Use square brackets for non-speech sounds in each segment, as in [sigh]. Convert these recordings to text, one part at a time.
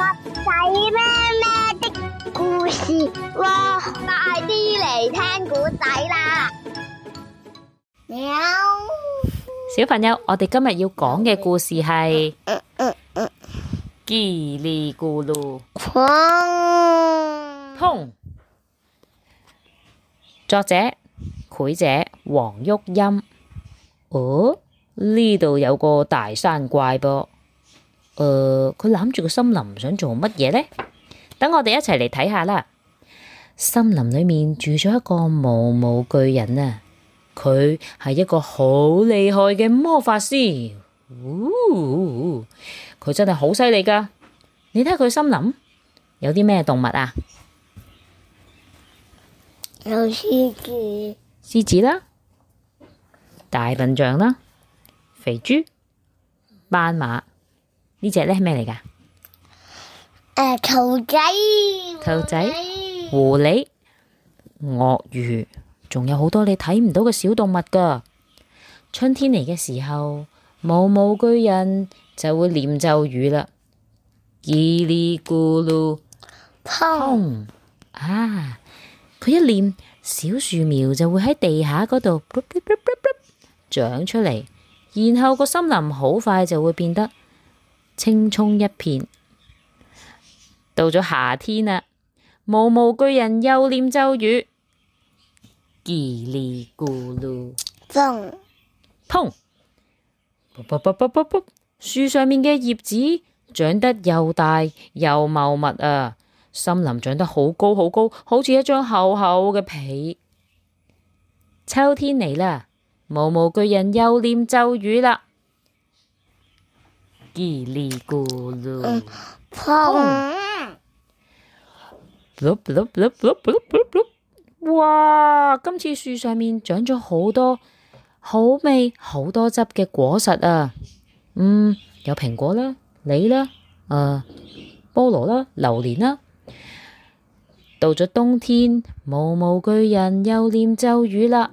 仔咩咩的故事，哇！快啲嚟聽古仔啦，喵！小朋友，我哋今日要講嘅故事係《嘰哩咕嚕碰》，作者：繪者黃郁欽。哦，呢度有個大山怪噃。呃，佢攬住個森林想做乜嘢呢？等我哋一齊嚟睇下啦。森林裏面住咗一個毛毛巨人啊，佢係一個好厲害嘅魔法師。嗚，佢真係好犀利㗎！你睇佢森林有啲咩動物啊？有獅子，獅子啦，大笨象啦，肥豬，斑馬。呢隻咧係咩嚟噶？誒、兔、啊、仔、兔仔、仔狐狸、鱷魚，仲有好多你睇唔到嘅小動物噶。春天嚟嘅時候，毛毛巨人就會唸咒語啦，嘰哩咕嚕，砰，碰啊！佢一唸，小樹苗就會喺地下嗰度長出嚟，然後個森林好快就會變得，青葱一片，到咗夏天啦、啊！毛毛巨人又念咒語：嘰哩咕嚕，通通碰，啵啵啵啵啵啵，樹上面嘅葉子長得又大又茂密啊！森林長得好高好高，好似一張厚厚嘅皮。秋天嚟啦，毛毛巨人又念咒語啦。嘰里咕嚕，砰！哇！今次樹上面長咗好多好味好多汁嘅果實啊！嗯，有蘋果啦，梨啦，誒、呃，菠蘿啦，榴蓮啦。到咗冬天，毛毛巨人又念咒語啦！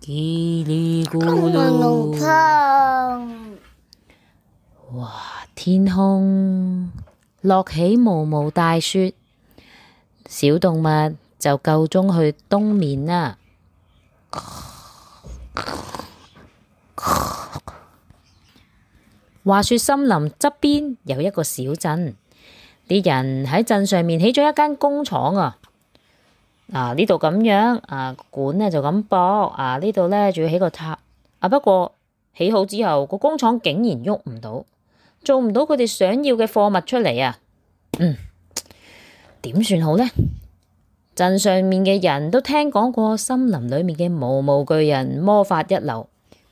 嘰里咕嚕，砰！哇！天空落起毛毛大雪，小動物就夠鐘去冬眠啦。話說森林側邊有一個小鎮，啲人喺鎮上面起咗一間工廠啊。啊呢度咁樣啊管，呢就咁駁啊呢度呢，仲要起個塔啊。不過起好之後個工廠竟然喐唔到。做唔到佢哋想要嘅貨物出嚟啊！嗯，點算好呢？鎮上面嘅人都聽講過森林裏面嘅毛毛巨人魔法一流，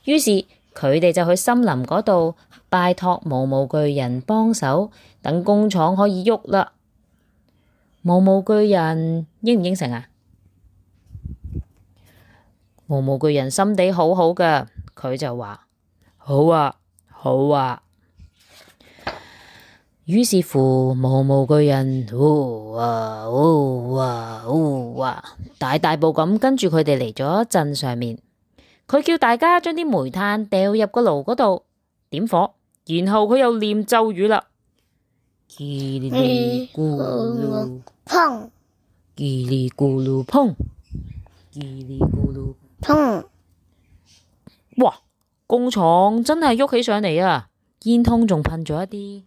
於是佢哋就去森林嗰度拜託毛毛巨人幫手，等工廠可以喐啦。毛毛巨人應唔應承啊？毛毛巨人心地好好噶，佢就話：好啊，好啊。於是乎，毛毛巨人嗚哇嗚哇嗚哇，大大步咁跟住佢哋嚟咗鎮上面。佢叫大家將啲煤炭掉入個爐嗰度點火，然後佢又念咒語啦：嘰哩咕嚕碰！嘰哩咕嚕碰！嘰哩咕嚕碰！哇！工廠真係喐起上嚟啊，煙囪仲噴咗一啲。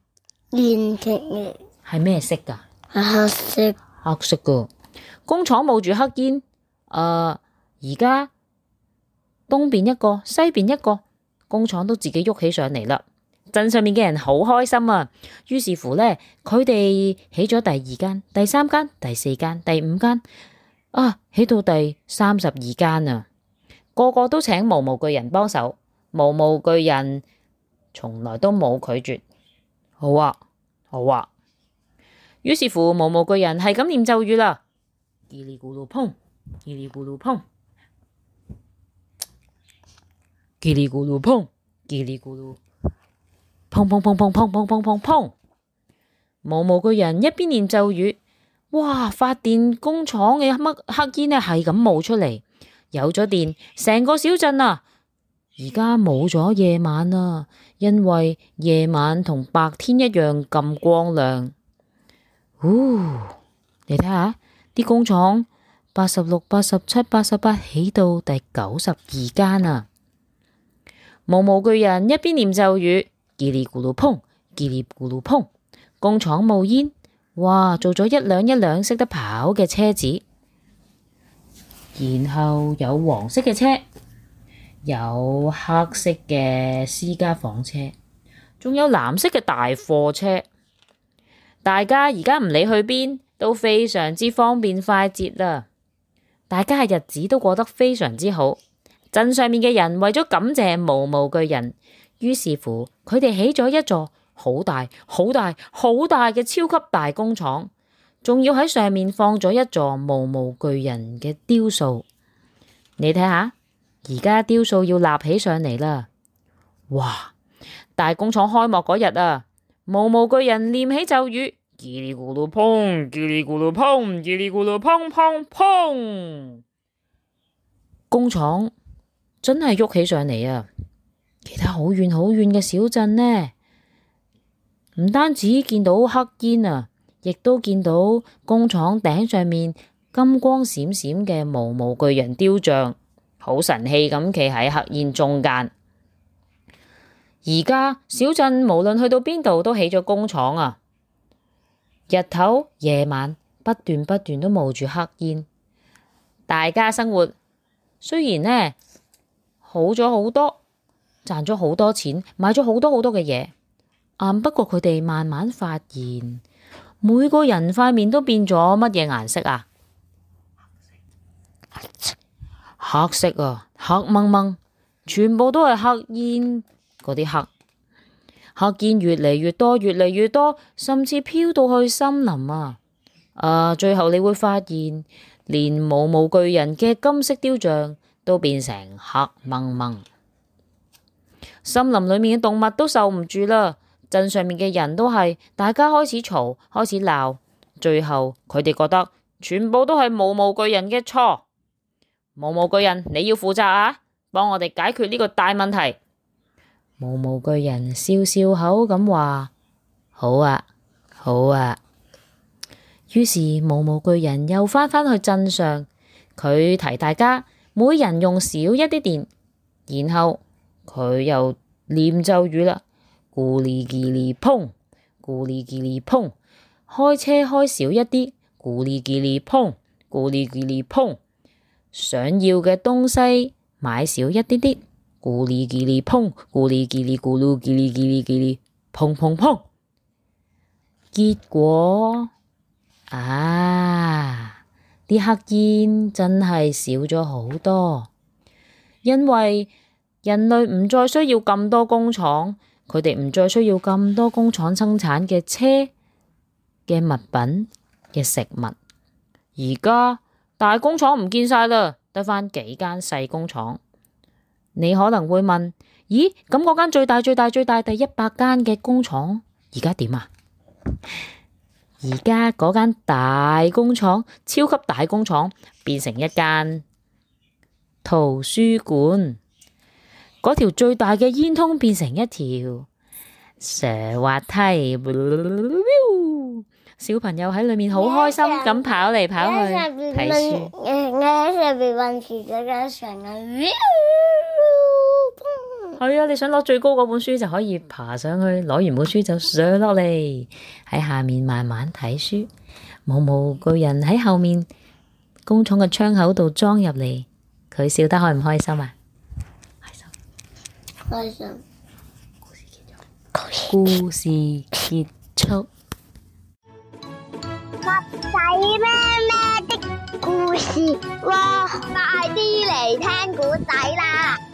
煉鐵爐係咩色噶？黑色，黑色噶工廠冒住黑煙。誒、呃，而家東邊一個，西邊一個工廠都自己喐起上嚟啦。鎮上面嘅人好開心啊！於是乎咧，佢哋起咗第二間、第三間、第四間、第五間啊，起到第三十二間啊！個個都請毛毛巨人幫手，毛毛巨人從來都冇拒絕。好啊，好啊，於是乎，毛毛巨人係咁念咒語啦，嘰里咕嚕砰，嘰里咕嚕砰，嘰里咕嚕砰，嘰里咕嚕砰砰砰砰砰砰砰砰砰，毛毛巨人一邊念咒語，哇，發電工廠嘅黑煙呢係咁冒出嚟，有咗電，成個小鎮啊！而家冇咗夜晚啦，因為夜晚同白天一樣咁光亮。呼，你睇下啲工廠八十六、八十七、八十八起到第九十二間啊！毛毛巨人一邊念咒語，嘰哩咕嚕砰，嘰哩咕嚕砰，工廠冒煙。哇，做咗一輛一輛識得跑嘅車子，然後有黃色嘅車。有黑色嘅私家房車，仲有藍色嘅大貨車。大家而家唔理去邊，都非常之方便快捷啦。大家嘅日子都過得非常之好。鎮上面嘅人為咗感謝毛毛巨人，於是乎佢哋起咗一座好大、好大、好大嘅超級大工廠，仲要喺上面放咗一座毛毛巨人嘅雕塑。你睇下。而家雕塑要立起上嚟啦！哇，大工廠開幕嗰日啊，毛毛巨人念起咒語，嘰里咕嚕碰，嘰里咕嚕碰，嘰里咕嚕碰碰碰，工廠真係喐起上嚟啊！其他好遠好遠嘅小鎮呢，唔單止見到黑煙啊，亦都見到工廠頂上面金光閃閃嘅毛毛巨人雕像。好神氣咁企喺黑煙中間。而家小鎮無論去到邊度都起咗工廠啊，日頭夜晚不斷不斷都冒住黑煙。大家生活雖然呢好咗好多，賺咗好多錢，買咗好多好多嘅嘢。不過佢哋慢慢發現，每個人塊面都變咗乜嘢顏色啊？黑色啊，黑蒙蒙，全部都係黑煙嗰啲黑，黑煙越嚟越多，越嚟越多，甚至飄到去森林啊！啊，最後你會發現，連毛毛巨人嘅金色雕像都變成黑蒙蒙。森林裏面嘅動物都受唔住啦，鎮上面嘅人都係，大家開始嘈，開始鬧，最後佢哋覺得全部都係毛毛巨人嘅錯。毛毛巨人，你要負責啊！幫我哋解決呢個大問題。毛毛巨人笑笑口咁話：好啊，好啊。於是毛毛巨人又翻返去鎮上，佢提大家每人用少一啲電，然後佢又念咒語啦：嘰哩咕嚕碰，嘰哩咕嚕碰，開車開少一啲，嘰哩咕嚕碰，嘰哩咕嚕碰。想要嘅東西買少一啲啲，嘰哩咕嚕碰，嘰哩咕嚕嘰哩咕嚕嘰哩咕嚕碰碰碰。碰碰碰。結果，啊，啲黑煙真係少咗好多，因為人類唔再需要咁多工廠，佢哋唔再需要咁多工廠生產嘅車嘅物品嘅食物，而家。大工廠唔見晒啦，得返幾間細工廠。你可能會問：咦，咁嗰間最大、最大、最大第一百間嘅工廠而家點啊？而家嗰間大工廠、超級大工廠變成一間圖書館。嗰條最大嘅煙囪變成一條蛇滑梯。嘯嘯嘯嘯小朋友喺裏面好開心咁跑嚟跑去睇書。係 [music] 啊，你想攞最高嗰本書就可以爬上去，攞完本書就上落嚟喺下面慢慢睇書。毛毛巨人喺後面工廠嘅窗口度裝入嚟，佢笑得開唔開心啊？開心，開心。故事結束。故事結束。襪仔咩咩的故事喎，快啲嚟聽古仔啦！